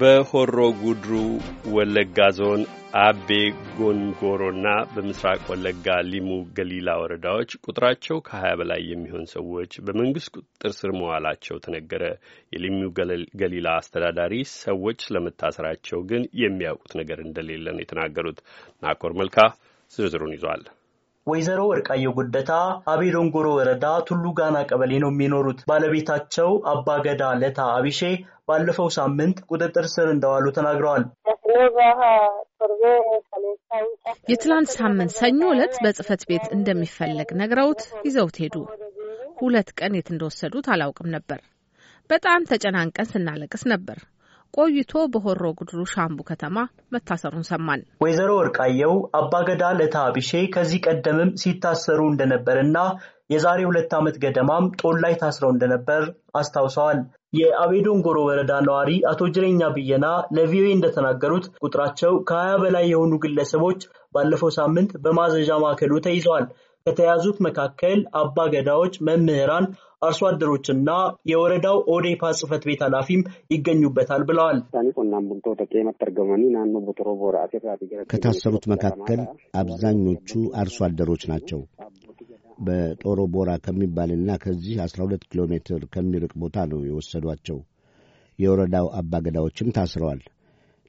በሆሮ ጉድሩ ወለጋ ዞን አቤ ጎንጎሮና በምስራቅ ወለጋ ሊሙ ገሊላ ወረዳዎች ቁጥራቸው ከ20 በላይ የሚሆን ሰዎች በመንግስት ቁጥጥር ስር መዋላቸው ተነገረ። የሊሙ ገሊላ አስተዳዳሪ ሰዎች ስለመታሰራቸው ግን የሚያውቁት ነገር እንደሌለ ነው የተናገሩት። ናኮር መልካ ዝርዝሩን ይዟል። ወይዘሮ ወርቃየው ጉደታ አቤ ዶንጎሮ ወረዳ ቱሉ ጋና ቀበሌ ነው የሚኖሩት። ባለቤታቸው አባገዳ ለታ አቢሼ ባለፈው ሳምንት ቁጥጥር ስር እንደዋሉ ተናግረዋል። የትላንት ሳምንት ሰኞ ዕለት በጽህፈት ቤት እንደሚፈለግ ነግረውት ይዘውት ሄዱ። ሁለት ቀን የት እንደወሰዱት አላውቅም ነበር። በጣም ተጨናንቀን ስናለቅስ ነበር። ቆይቶ በሆሮ ጉድሩ ሻምቡ ከተማ መታሰሩን ሰማን። ወይዘሮ ወርቃየው አባገዳ ለታ አቢሼ ከዚህ ቀደምም ሲታሰሩ እንደነበርና የዛሬ ሁለት ዓመት ገደማም ጦል ላይ ታስረው እንደነበር አስታውሰዋል። የአቤዶን ጎሮ ወረዳ ነዋሪ አቶ ጅሬኛ ብየና ለቪኦኤ እንደተናገሩት ቁጥራቸው ከሀያ በላይ የሆኑ ግለሰቦች ባለፈው ሳምንት በማዘዣ ማዕከሉ ተይዘዋል። ከተያዙት መካከል አባ ገዳዎች፣ መምህራን አርሶ አደሮችና የወረዳው ኦዴፓ ጽህፈት ቤት ኃላፊም ይገኙበታል ብለዋል። ከታሰሩት መካከል አብዛኞቹ አርሶ አደሮች ናቸው። በጦሮ ቦራ ከሚባልና ከዚህ 12 ኪሎ ሜትር ከሚርቅ ቦታ ነው የወሰዷቸው። የወረዳው አባገዳዎችም ታስረዋል።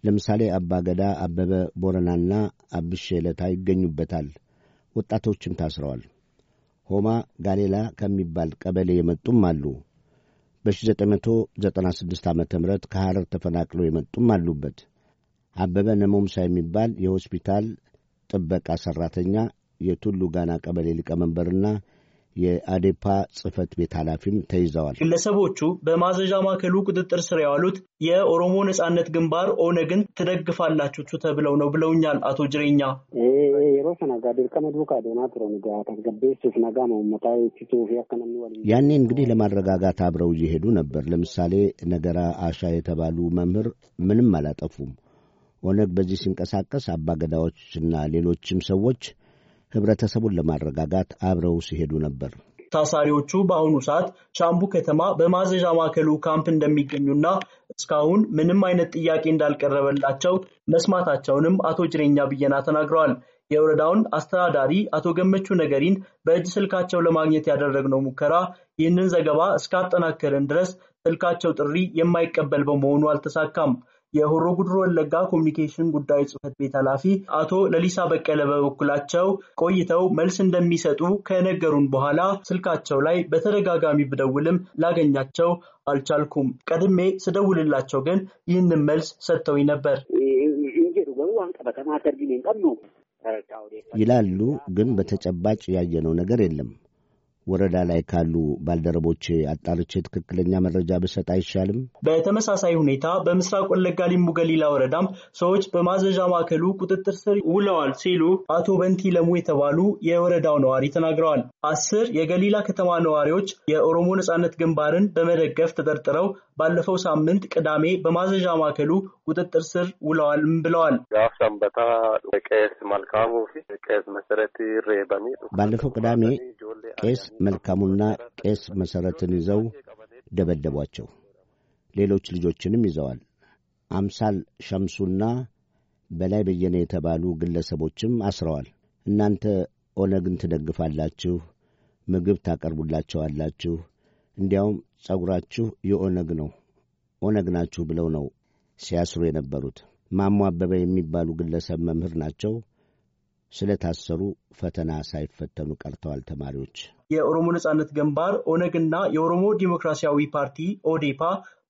ለምሳሌ አባገዳ አበበ ቦረናና አብሼ ለታ ይገኙበታል። ወጣቶችም ታስረዋል። ሆማ ጋሌላ ከሚባል ቀበሌ የመጡም አሉ። በ1996 ዓ ም ከሐረር ተፈናቅለው የመጡም አሉበት። አበበ ነሞምሳ የሚባል የሆስፒታል ጥበቃ ሠራተኛ የቱሉ ጋና ቀበሌ ሊቀመንበርና የአዴፓ ጽህፈት ቤት ኃላፊም ተይዘዋል። ግለሰቦቹ በማዘዣ ማዕከሉ ቁጥጥር ስር ያሉት የኦሮሞ ነጻነት ግንባር ኦነግን ትደግፋላችሁ ተብለው ነው ብለውኛል። አቶ ጅሬኛ ያኔ እንግዲህ ለማረጋጋት አብረው እየሄዱ ነበር። ለምሳሌ ነገራ አሻ የተባሉ መምህር ምንም አላጠፉም። ኦነግ በዚህ ሲንቀሳቀስ አባገዳዎችና ሌሎችም ሰዎች ህብረተሰቡን ለማረጋጋት አብረው ሲሄዱ ነበር። ታሳሪዎቹ በአሁኑ ሰዓት ሻምቡ ከተማ በማዘዣ ማዕከሉ ካምፕ እንደሚገኙና እስካሁን ምንም አይነት ጥያቄ እንዳልቀረበላቸው መስማታቸውንም አቶ ጅሬኛ ብየና ተናግረዋል። የወረዳውን አስተዳዳሪ አቶ ገመቹ ነገሪን በእጅ ስልካቸው ለማግኘት ያደረግነው ሙከራ ይህንን ዘገባ እስካጠናከርን ድረስ ስልካቸው ጥሪ የማይቀበል በመሆኑ አልተሳካም። የሆሮ ጉድሮ ወለጋ ኮሚኒኬሽን ጉዳይ ጽህፈት ቤት ኃላፊ አቶ ለሊሳ በቀለ በበኩላቸው ቆይተው መልስ እንደሚሰጡ ከነገሩን በኋላ ስልካቸው ላይ በተደጋጋሚ ብደውልም ላገኛቸው አልቻልኩም። ቀድሜ ስደውልላቸው ግን ይህንን መልስ ሰጥተውኝ ነበር ይላሉ። ግን በተጨባጭ ያየነው ነገር የለም። ወረዳ ላይ ካሉ ባልደረቦቼ አጣርቼ ትክክለኛ መረጃ ብሰጥ አይሻልም? በተመሳሳይ ሁኔታ በምስራቅ ወለጋ ሊሙ ገሊላ ወረዳም ሰዎች በማዘዣ ማዕከሉ ቁጥጥር ስር ውለዋል ሲሉ አቶ በንቲ ለሙ የተባሉ የወረዳው ነዋሪ ተናግረዋል። አስር የገሊላ ከተማ ነዋሪዎች የኦሮሞ ነጻነት ግንባርን በመደገፍ ተጠርጥረው ባለፈው ሳምንት ቅዳሜ በማዘዣ ማዕከሉ ቁጥጥር ስር ውለዋልም ብለዋል። ባለፈው ቅዳሜ ቄስ መልካሙና ቄስ መሠረትን ይዘው ደበደቧቸው። ሌሎች ልጆችንም ይዘዋል። አምሳል ሸምሱና በላይ በየነ የተባሉ ግለሰቦችም አስረዋል። እናንተ ኦነግን ትደግፋላችሁ፣ ምግብ ታቀርቡላቸዋላችሁ፣ እንዲያውም ጸጉራችሁ የኦነግ ነው፣ ኦነግ ናችሁ ብለው ነው ሲያስሩ የነበሩት። ማሞ አበበ የሚባሉ ግለሰብ መምህር ናቸው። ስለታሰሩ ፈተና ሳይፈተኑ ቀርተዋል ተማሪዎች። የኦሮሞ ነጻነት ግንባር ኦነግና የኦሮሞ ዲሞክራሲያዊ ፓርቲ ኦዴፓ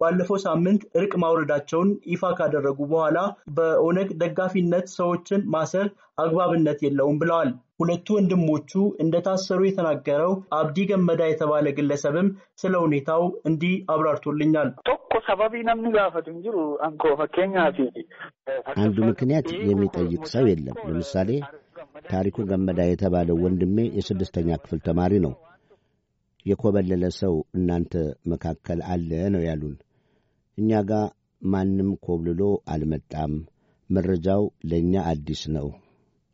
ባለፈው ሳምንት እርቅ ማውረዳቸውን ይፋ ካደረጉ በኋላ በኦነግ ደጋፊነት ሰዎችን ማሰር አግባብነት የለውም ብለዋል። ሁለቱ ወንድሞቹ እንደታሰሩ የተናገረው አብዲ ገመዳ የተባለ ግለሰብም ስለ ሁኔታው እንዲህ አብራርቶልኛል። አንዱ ምክንያት የሚጠይቅ ሰው የለም። ለምሳሌ ታሪኩ ገመዳ የተባለው ወንድሜ የስድስተኛ ክፍል ተማሪ ነው። የኮበለለ ሰው እናንተ መካከል አለ ነው ያሉን። እኛ ጋር ማንም ኮብልሎ አልመጣም፣ መረጃው ለእኛ አዲስ ነው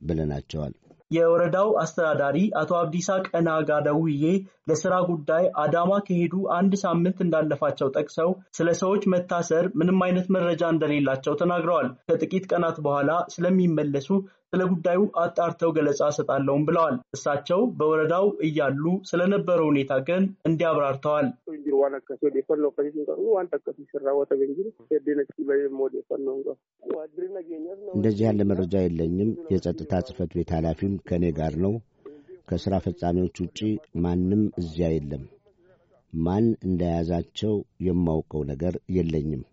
ብለናቸዋል። የወረዳው አስተዳዳሪ አቶ አብዲሳ ቀና ጋር ደውዬ ለስራ ጉዳይ አዳማ ከሄዱ አንድ ሳምንት እንዳለፋቸው ጠቅሰው ስለ ሰዎች መታሰር ምንም አይነት መረጃ እንደሌላቸው ተናግረዋል። ከጥቂት ቀናት በኋላ ስለሚመለሱ ስለ ጉዳዩ አጣርተው ገለጻ ሰጣለውም ብለዋል። እሳቸው በወረዳው እያሉ ስለነበረው ሁኔታ ግን እንዲህ አብራርተዋል። እንደዚህ ያለ መረጃ የለኝም። የጸጥታ ጽህፈት ቤት ኃላፊም ከእኔ ጋር ነው። ከሥራ ፈጻሚዎች ውጪ ማንም እዚያ የለም። ማን እንደያዛቸው የማውቀው ነገር የለኝም።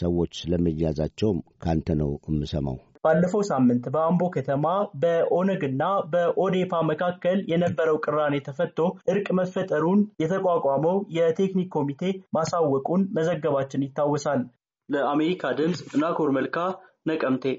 ሰዎች ስለመያዛቸውም ካንተ ነው የምሰማው። ባለፈው ሳምንት በአምቦ ከተማ በኦነግና በኦዴፓ መካከል የነበረው ቅራኔ ተፈቶ እርቅ መፈጠሩን የተቋቋመው የቴክኒክ ኮሚቴ ማሳወቁን መዘገባችን ይታወሳል። ለአሜሪካ ድምፅ ናኮር መልካ ንቀምቲእወ